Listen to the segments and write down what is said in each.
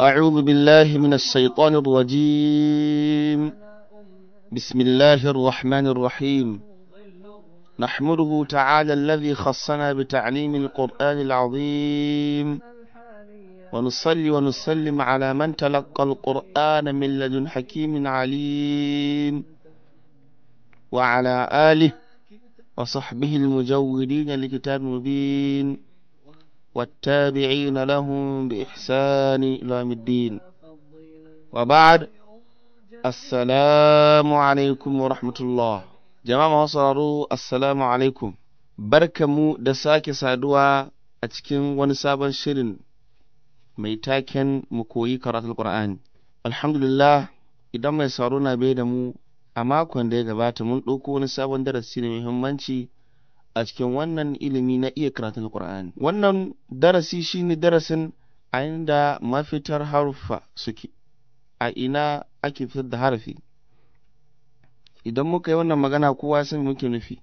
أعوذ بالله من الشيطان الرجيم بسم الله الرحمن الرحيم نحمده تعالى الذي خصنا بتعليم القرآن العظيم ونصلي ونسلم على من تلقى القرآن من لدن حكيم عليم وعلى آله وصحبه المجودين لكتاب مبين والتابعين لهم بإحسان إلى يوم الدين وبعد السلام عليكم ورحمة الله jama'a sauraro assalamu alaikum mu da sake saduwa a cikin wani sabon shirin mai taken mu koyi karatul qur'ani alhamdulillah idan mai sauraro na bai da mu a makon da ya gabata mun ɗauko wani sabon darasi da muhimmanci a cikin wannan ilimi na iya karatun Qur'ani wannan darasi shine darasin a inda mafitar haruffa suke a ina ake fitar da harafi idan muka yi wannan magana kowa sun muke nufi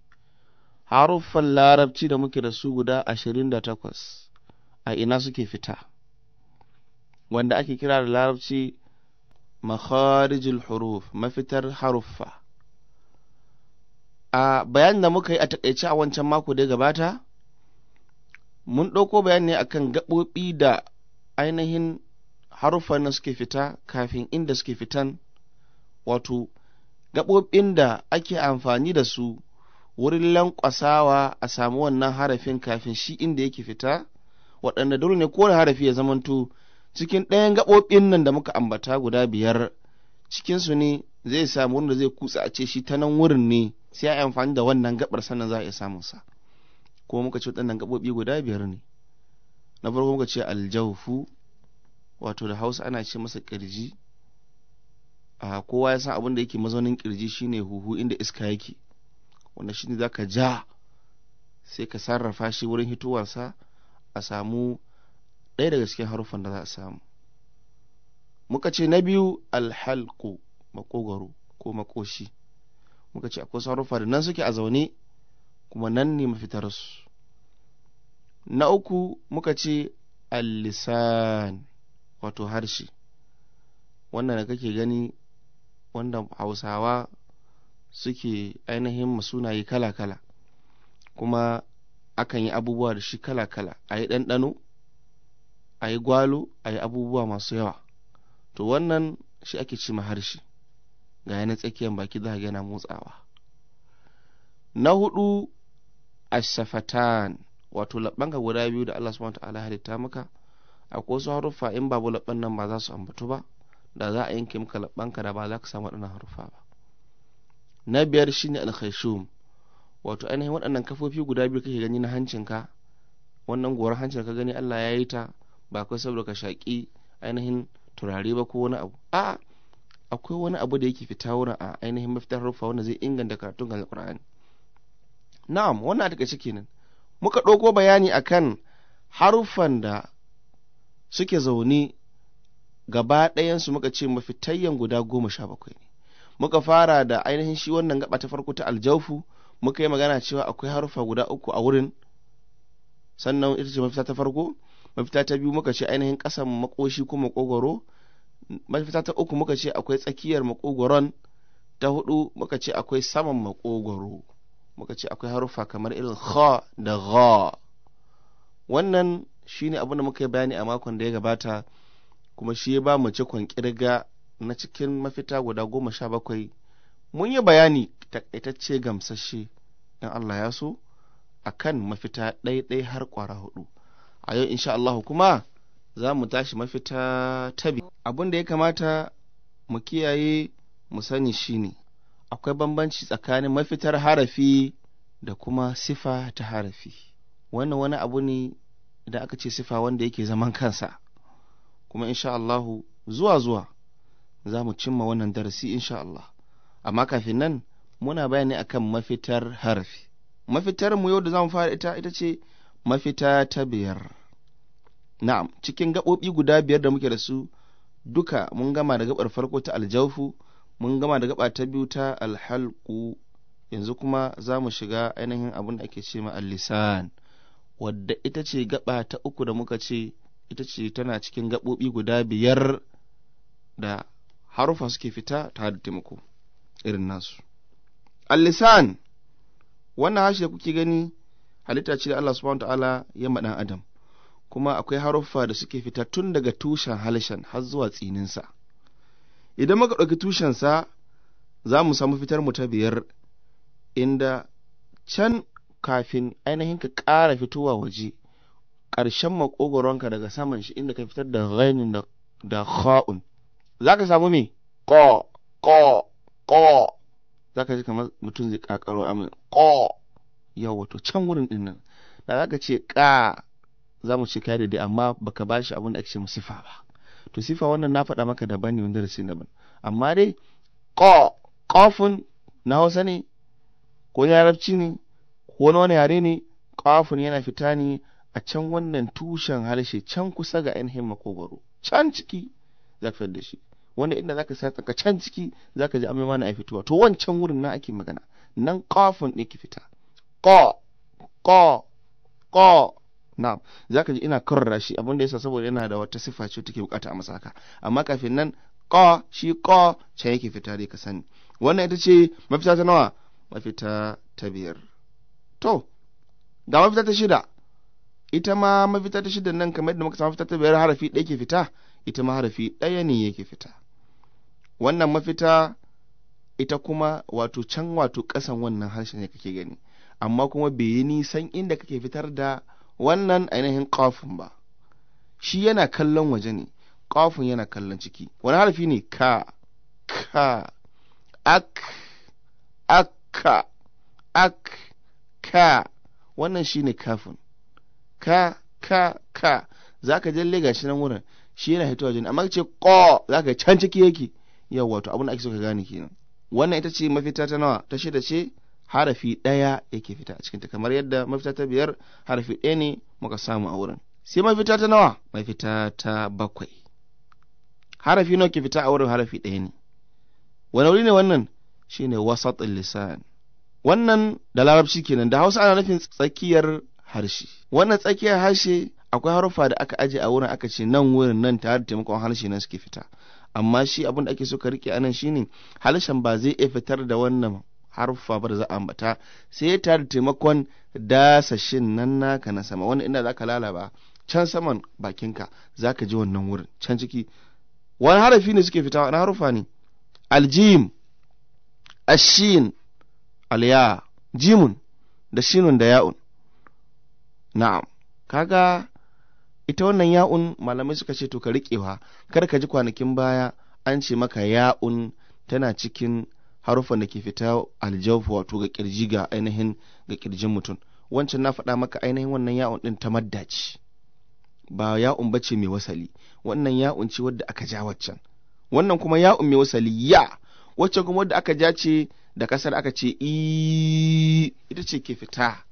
haruffan larabci da muke da su guda ashirin da takwas a ina suke fita wanda ake kira da larabci makharijul huruf mafitar haruffa a bayanin da muka yi a takaice a wancan mako da gabata mun ɗauko bayani ne akan gaɓoɓi da ainihin haruffan da suke fita kafin inda suke fitan wato gaɓoɓin da ake amfani da su wurin lankwasawa a samu wannan harafin kafin shi inda yake fita waɗanda dole ne kowane harafi ya zamanto cikin ɗayan gaɓoɓin nan da muka ambata guda biyar cikinsu ne zai samu wanda zai kutsa a ce shi ta nan wurin ne sai ya amfani da wannan gabar sannan za a iya samun sa kuma muka ce waɗannan gabobi guda biyar ne na farko muka ce aljawfu wato da hausa ana ce masa kirji a kowa ya san abin da yake mazaunin kirji shine huhu inda iska yake wanda shine za ka ja sai ka sarrafa shi wurin hitowarsa a samu ɗaya daga cikin haruffan da za a samu muka ce na biyu alhalko makogaro ko makoshi muka ce akwai sauran da nan suke a zaune kuma nan ne mafitarsu na uku muka ce al-lisan wato harshe wannan da kake gani wanda hausawa suke ainihin masunaye kala-kala kuma akan yi abubuwa da shi kala-kala a yi ɗanɗano a yi gwalo a yi abubuwa masu yawa to wannan shi ake ce harshe ga yana tsakiyar baki za yana motsawa na hudu ashafatan wato labbanka guda biyu da Allah subhanahu ta'ala halitta maka akwai wasu haruffa in babu labban nan ba za su ambatu ba da za a yanke maka labbanka da ba za ka samu waɗannan haruffa ba na biyar shine alkhayshum wato ainihin waɗannan kafofi guda biyu kake gani na hancinka wannan goran hancin ka gani Allah ya yi ta ba kai saboda ka shaƙi ainihin turare ba ko wani abu a akwai wani abu da yake fita wurin a ainihin mafitar rufa wanda zai inganta karatun alkur'ani na'am wannan a takaice kenan muka ɗauko bayani akan haruffan da suke zaune gaba ɗayansu muka ce mafitayyan guda goma sha bakwai ne muka fara da ainihin shi wannan gaba ta farko ta aljaufu muka yi magana cewa akwai haruffa guda uku a wurin sannan ita ce mafita ta farko mafita ta biyu muka ce ainihin ƙasan makoshi ko makogoro mafita ta uku muka ce akwai tsakiyar makogoron ta hudu muka ce akwai saman makogoro muka ce akwai haruffa kamar irin kha da gha wannan shi ne abinda muka yi bayani a makon da ya gabata kuma shi ya ba mu cikon kirga na cikin mafita guda goma sha bakwai mun yi bayani takaitacce gamsashe in Allah ya so a kan mafita ɗaiɗai har ƙwara hudu a yau insha Allah kuma za mu tashi mafita ta biyu abin da ya kamata mu kiyaye mu sani shine akwai bambanci tsakanin mafitar harafi da kuma sifa ta harafi wannan wani abu ne da aka ce sifa wanda yake zaman kansa kuma insha Allahu zuwa zuwa za mu cimma wannan darasi insha Allah amma kafin nan muna bayani akan mafitar harafi mafitar mu yau da zamu fara ita ita ce mafita ta biyar na'am cikin gaɓoɓi guda biyar da muke da su duka mun gama da gabar farko ta aljaufu mun gama da gaba ta biyu ta alhalku yanzu kuma za mu shiga ainihin abin da ake ce ma lisan wadda ita ce gaba ta uku da muka ce ita ce tana cikin gaɓoɓi guda biyar da harufa suke fita ta da taimako irin nasu alisan lisan wannan harshe kuke gani halitta ce da Allah subhanahu ta'ala ya maɗan adam kuma akwai haruffa da suke fita tun daga tushen halshen har zuwa tsininsa idan muka ɗauki tushensa za mu samu fitar mu ta biyar inda can kafin ainihin ka ƙara fitowa waje ƙarshen maƙogoronka daga saman shi inda ka fitar da ghainin da kha'un za ka samu me ko ko ko za ka ji kamar mutum zai ƙaƙaro amin ko yawa to can wurin ɗin nan da za ka ce ƙa za mu ce kai dai, amma baka ba shi abin da ake ce mu sifa ba to sifa wannan na faɗa maka daban ne wanda darasi daban amma dai ko kofin na hausa ne ko yarabci ne ko na wani yare ne kofin yana fita ne a can wannan tushen harshe can kusa ga ainihin makogwaro can ciki za ka da shi wanda inda za ka sa tsaka can ciki za ka ji amai mana a fitowa to wancan wurin na ake magana nan kofin ɗin ki fita ko ko ko na'am zaka ji ina karrara shi abinda yasa saboda yana da wata siffa ce take bukata a masaka amma kafin nan qa shi qa can yake fita dai ka sani wannan ita ce mafita ta nawa mafita ta biyar to ga mafita ta shida ita ma mafita ta shida nan kamar yadda muka samu mafita ta biyar harafi ɗaya ke fita ita ma harafi ɗaya ne yake fita wannan mafita ita kuma wato can wato ƙasan wannan harshen ne kake gani amma kuma bai yi nisan inda kake fitar da wannan ainihin kafin ba shi yana kallon waje ne kafin yana kallon ciki wani harfi ne ka ka ak akka ak ka wannan shi ne kafin ka ka ka za ka jalle shi nan wurin shi yana waje ne, amma ce ko za ka can ciki yake yawa to abin ake so ka gane kenan wannan ita ce mafita ta nawa ta shida ce harafi ɗaya yake fita a cikinta kamar yadda mafita ta biyar harafi ɗaya ne muka samu a wurin sai mafita ta nawa mafita ta bakwai harafi nawa ke fita a wurin harafi ɗaya ne wani wuri ne wannan shine wasat lisan wannan da larabci kenan da hausa ana nufin tsakiyar harshe wannan tsakiyar harshe akwai haruffa da aka aje a wurin aka ce nan wurin nan tare da taimakon harshe nan suke fita amma shi abin da ake so ka rike anan shine harshen ba zai iya fitar da wannan haruffa ba za a ambata sai ta da taimakon dasa shin nan naka na sama wani inda za zaka lalaba can saman bakinka za ka ji wannan wurin can ciki wani harafi ne suke fita wani haruffa ne aljim ashin alya jimun da shinun da ya'un na'am kaga ita wannan ya'un malamai suka ce to ka riƙewa kar ka ji kwanakin baya an ce maka ya'un tana cikin haruffan da ke fita aljawf wato ga kirji ga ainihin ga kirjin mutum wancan na faɗa maka ainihin wannan ya'un din ta madda ce ba ya'un bace mai wasali wannan ya'un ce wadda aka ja waccan wannan kuma ya'un mai wasali ya wacce kuma wadda aka ja ce da kasar aka ce i ita ce ke fita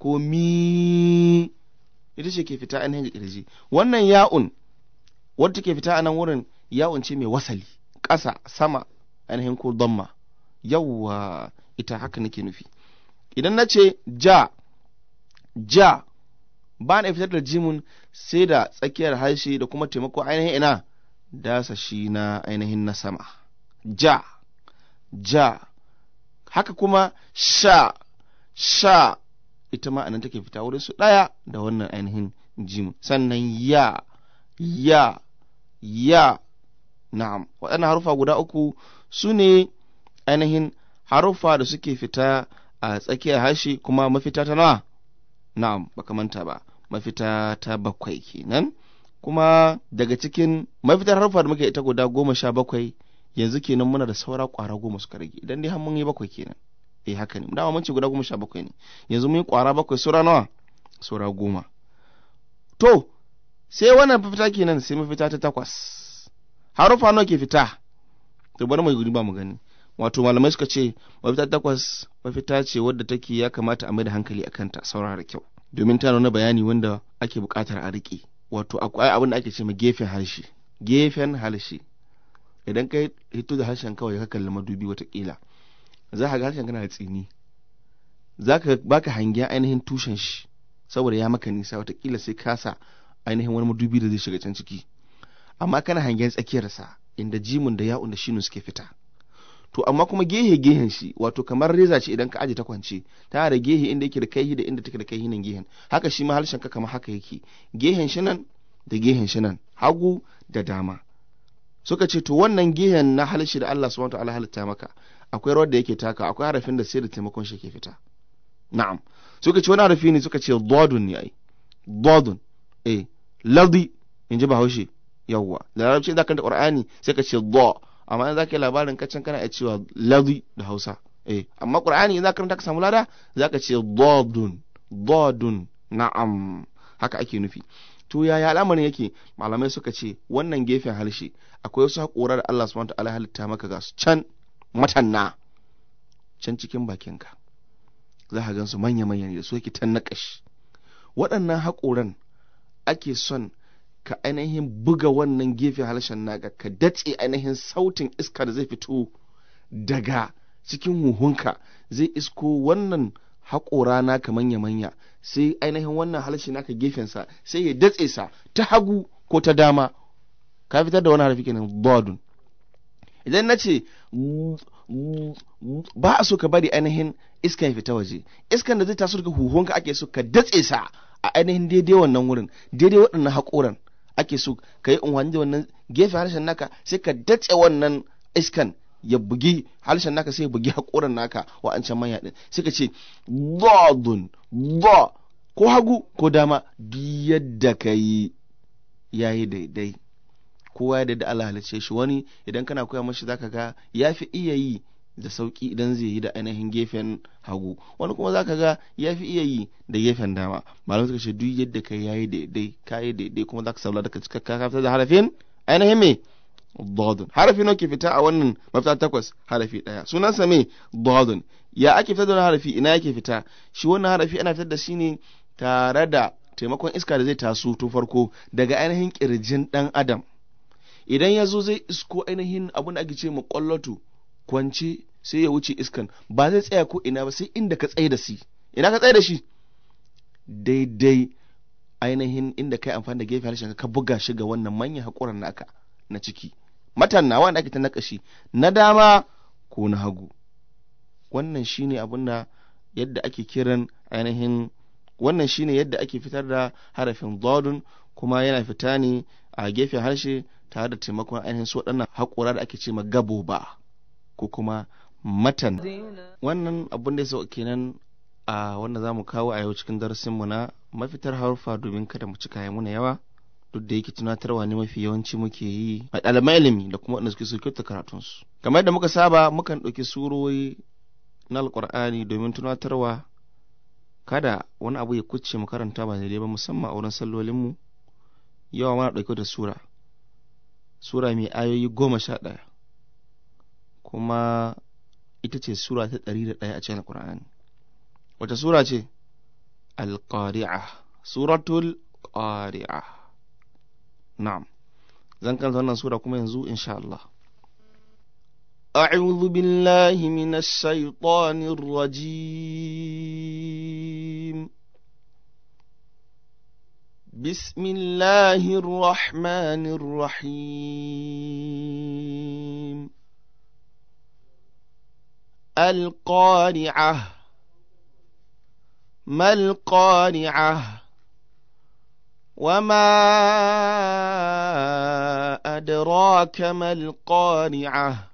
ko mi ita ce ke fita ainihin ga kirji wannan ya'un wadda ke fita a nan wurin ya'un ce mai wasali ƙasa sama ainihin ko damma yawwa ita haka nake nufi idan na ce ja ja ba na fitar da jimun sai da tsakiyar harshe da kuma taimako ainihin ina dasa shi na ainihin na sama ja ja haka kuma sha sha ita ma anan take fita wurin su ɗaya da wannan ainihin jimin sannan ya ya ya na'am waɗannan harufa guda uku su ne ainihin haruffa da suke fita a tsakiyar hashi. kuma mafita ta nawa na'am baka manta ba mafita ta bakwai kenan kuma daga cikin mafitar haruffa da muke ita guda goma sha bakwai yanzu kenan muna da saura kwara goma suka rage idan dai har mun yi bakwai kenan eh haka ne dama mun ce guda goma sha bakwai ne yanzu mun yi kwara bakwai saura nawa saura goma to sai wannan fita kenan sai mafita ta takwas haruffa nawa ke fita to bari mu ba mu gani wato malamai suka ce mafita takwas mafita ce wadda take ya kamata a maida hankali a kanta saurara kyau domin ta nuna bayani wanda ake buƙatar a riƙe wato akwai abin da ake ce ma gefen harshe gefen harshe idan kai hito da harshen kawai ka kalli madubi watakila za ka ga harshen kana da tsini za ka baka hangen ainihin tushen shi saboda ya maka nisa watakila sai kasa ainihin wani madubi da zai shiga can ciki amma kana hangen tsakiyarsa inda jimun da ya'un da shinun suke fita to amma kuma gehe gehen shi wato kamar reza ce idan ka aje ta kwance tana da gehe inda yake da kaihi da inda take da kaihi nan gehen haka shi ma harshen ka kamar haka yake gehen shi nan da gehen shi nan hagu da dama suka ce to wannan gehen na halshi da Allah subhanahu wataala halitta maka akwai rawar da yake taka akwai harafin da sai da taimakon shi ke fita na'am suka ce wani harafi ne suka ce dadun ne ai dadun eh ladi in ji bahaushe yawwa larabci za ka da qur'ani sai ka ce dha amma in za ka labarin kacan kana iya cewa ladhi da hausa eh amma qur'ani in za ka karanta ka samu lada za ka ce dhadun dhadun na'am haka ake nufi to yaya al'amarin yake malamai suka ce wannan gefen harshe akwai wasu haƙora da Allah subhanahu wataala halitta maka ga su can matanna can cikin bakinka za ka gan su manya-manya ne da su yake tan naƙashi waɗannan haƙoran ake son ka ainihin buga wannan gefe harshen naka ka datse ainihin sautin iska da zai fito daga cikin huhunka zai isko wannan haƙora naka manya-manya sai ainihin wannan harshe naka gefensa sai ya datse sa ta hagu ko ta dama ka fitar da wani harfi kenan bodun idan na ce ba a so ka bari ainihin iska ya fita waje iskan da zai taso daga huhunka ake so ka datse sa a ainihin daidai wannan wurin daidai waɗannan haƙoran ake so ka yi unwani da wannan gefe harshen naka sai ka datse wannan iskan ya bugi harshen naka sai ya bugi haƙoran naka wa'ancan manya din sai ka ce dodun do ko hagu ko dama duk yadda ka yi ya yi daidai kowa ya daidai Allah halicce shi wani idan kana koya mashi za ka ga ya fi iya yi da sauki idan zai yi da ainihin gefen hagu wani kuma zaka ga ya fi iya yi da gefen dama malamai suka ce duk yadda ka yayi daidai kayi daidai kuma zaka samu daga cikakka ka fitar da harafin ainihin me dodon harafi nawa ke fita a wannan mafita takwas harafi daya sunansa me dodon ya ake fitar da wannan harafi ina yake fita shi wannan harafi ana fitar da shi ne tare da taimakon iska da zai taso tun farko daga ainihin kirjin dan adam idan ya zo zai isko ainihin abin da ake ce kwallotu. kwance sai ya wuce iskan ba zai tsaya ko ina ba sai inda ka tsaye da shi ina ka tsaye da shi daidai ainihin inda kai amfani da gefe harshen ka buga shi ga wannan manyan haƙuran naka na ciki matan wanda ake ta shi, na dama ko na hagu wannan shine abin da yadda ake kiran ainihin wannan shine yadda ake fitar da harafin dodon kuma yana fita ne a gefen harshe tare da taimakon ainihin su waɗannan haƙura da ake ce gabo ba ko kuma matan wannan abin da ya sauka kenan a wanda za mu kawo a yau cikin darasinmu na mafitar haruffa domin kada mu cika muna yawa duk da yake tunatarwa ne mafi yawanci muke yi a ɗaliban ilimi da kuma waɗanda suke kyauta karatunsu kamar yadda muka saba mukan ɗauki surori na alƙur'ani domin tunatarwa kada wani abu ya kucce mu karanta ba daidai ba musamman a wurin sallolinmu yawa muna ɗauke da sura sura mai ayoyi goma sha ɗaya kuma ita ce sura ta ɗari da ɗaya a cikin al alƙur'ani wata sura ce Al-Qari'a. suratul Qari'a. na'am zan kanta wannan sura kuma yanzu insha Allah أعوذ بالله من الشيطان الرجيم بسم الله الرحمن الرحيم القارعة ما القارعة وما أدراك ما القارعة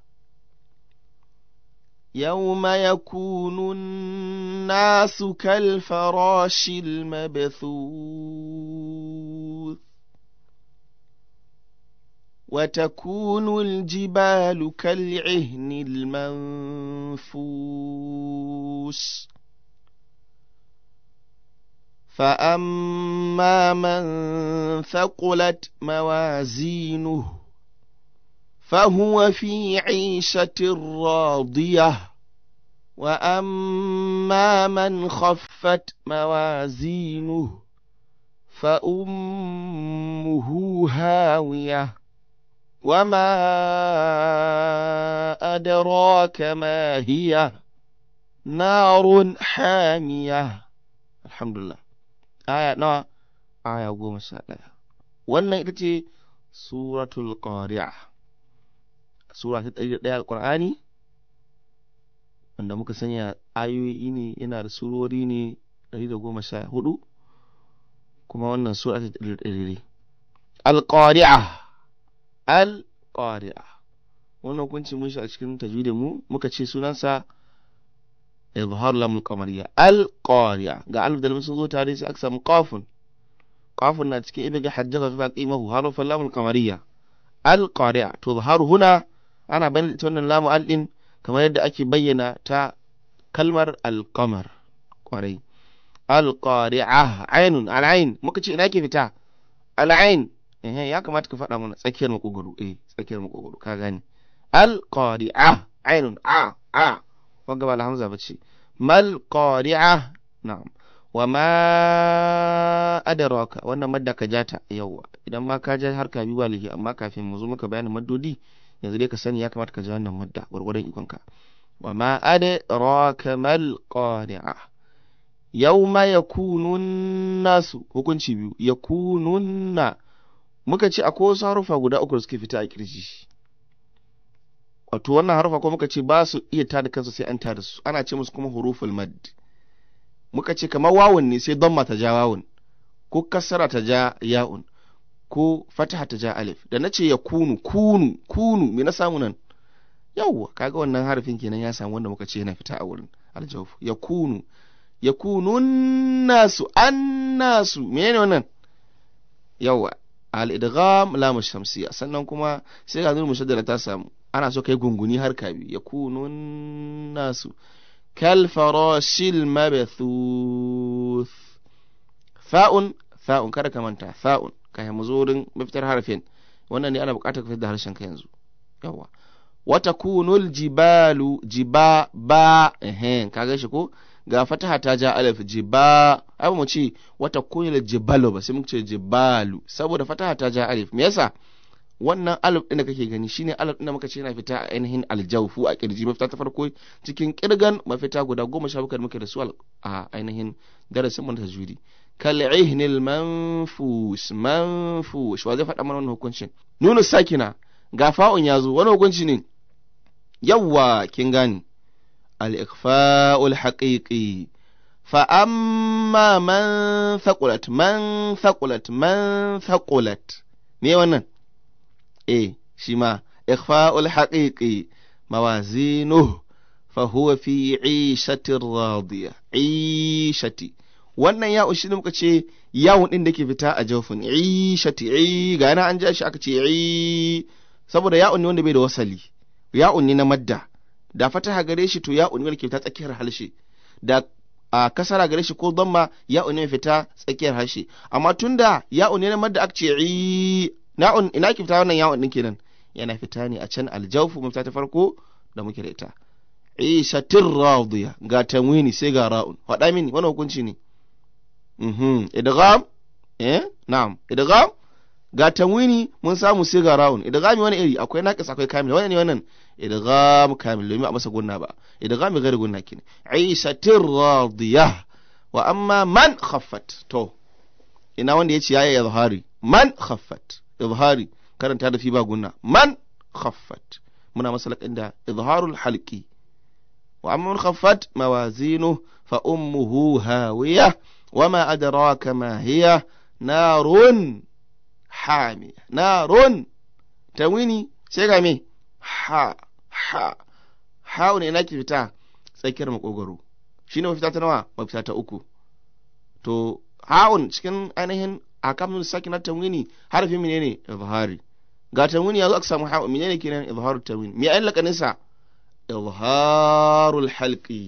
يوم يكون الناس كالفراش المبثوث وتكون الجبال كالعهن المنفوس فأما من ثقلت موازينه فهو في عيشة راضية وأما من خفت موازينه فأمه هاوية وما أدراك ما هي نار حامية الحمد لله آية نا آية قوم السادة wannan ita ce suratul qari'a sura ta ɗari ɗaya wanda muka sanya ayoyi ne yana da surori ne ɗari da goma sha hudu kuma wannan sura ta alƙari'a al-qari'a wannan hukunci mun shi a cikin tajwidin mu muka ce sunansa izhar al-qamariya al-qari'a ga alif da lam sun zo tare sai aka samu qafun qafun na cikin ibiga hajjaza fi baqimahu harfan al-qamariya al-qari'a to zaharu huna ana bayyana wannan lamu al din kamar yadda ake bayyana ta kalmar al-qamar qari'a al-qari'a ainun al-ain muka ce ina ke fita al-ain eh ya kamata ka faɗa mana tsakiyar makogoro eh tsakiyar makogoro ka gane al qari'a ainun a a wanda ba alhamza bace mal qari'a na'am wa ma adraka wannan madda ka jata yawa idan ma ka ja har ka bi walihi amma kafin mu zo muka bayani maddodi yanzu dai ka sani ya kamata ka ji wannan madda gwargwadon ka wa ma adraka mal qari'a yawma yakunu nasu hukunci biyu yakununna muka ce akwai wasu harufa guda uku da suke fita a kirji wato wannan harufa ko muka ce ba su iya tada kansu sai an tada su ana ce musu kuma huruful mad muka ce kamar wawun ne sai don ta ja wawun ko kasara ta ja ya'un ko fataha ta ja alif da na ce ya kunu kunu kunu me na samu nan yawwa kaga wannan harafin kenan ya samu wanda muka ce yana fita a wurin aljawf ya kunu ya kunun nasu an menene wannan yawwa al-idgham lamu shamsiya sannan kuma sai ga nuru musaddara ta samu ana so kai gunguni har kabi yakunun nasu kal farashil fa'un fa'un kada ka manta fa'un ka yi zurin mafitar harfin wannan ne ana buƙatar ka da harshen ka yanzu yawa wata kunul jibalu jiba ba ehen ka gaishe ko ga fataha ta ja alif jiba ai ba mu ce wata kunil jibalu ba sai mu ce jibalu saboda fataha ta ja alif me yasa wannan alif din da kake gani shine alif din da muka ce yana fita a ainihin aljawfu a kirji mafita ta farko cikin kirgan mafita guda goma sha bakwai muke da su a ainihin darasin mu na tajwidi kal ihnil manfus manfus wa zai faɗa mana wannan hukuncin nunu sakina ga fa'un yazo wani hukunci ne yawwa kin gani al-ikhfa'ul haqiqi fa'amma man saƙulat man saƙulat man saƙulat ne wannan e shi ma ikhfa'ul haƙiƙi mawazinu fa huwa fi ishatin radiya ishati wannan ya ushi da muka ce yawon ɗin da ke fita a jofin ishati i ga yana an ja shi aka ce i saboda ya'un ne wanda bai da wasali ya'un ne na madda da fataha gare shi to ya'un ne wanda ke fita tsakiyar halshe da a kasara gare shi ko zamma ya ne fita tsakiyar harshe amma tunda ya ne na madda aka ce ina ki fita wannan ya'un din kenan yana fita ne a can aljawfu mafita ta farko da muke da ita ishatir radiya ga tanwini sai ga ra'un faɗa mini wani hukunci ne mhm idgham eh na'am idgham ga tanwini mun samu sai ga ra'un idghami wani iri akwai naqis akwai kamil wani ne wannan idgham kamil domin a masa gunna ba idghami gari gunna kin aisha tirradiya wa amma man khaffat to ina wanda yace yayi izhari man khaffat izhari karanta da fi ba gunna man khaffat muna masa laƙin da izharul halqi wa amma man khaffat mawazinu fa ummuhu hawiya wa ma adraka ma hiya narun hami narun tawini sai ga me ha ha ha wani ina ke fita tsakiyar shi ne mafita ta nawa mafita ta uku to ha'un cikin ainihin akamun sakinar tawini harafin ne izhari ga tawini zo aka samu ha'un ne kenan izharu tawini me ayin lakanin izharul halqi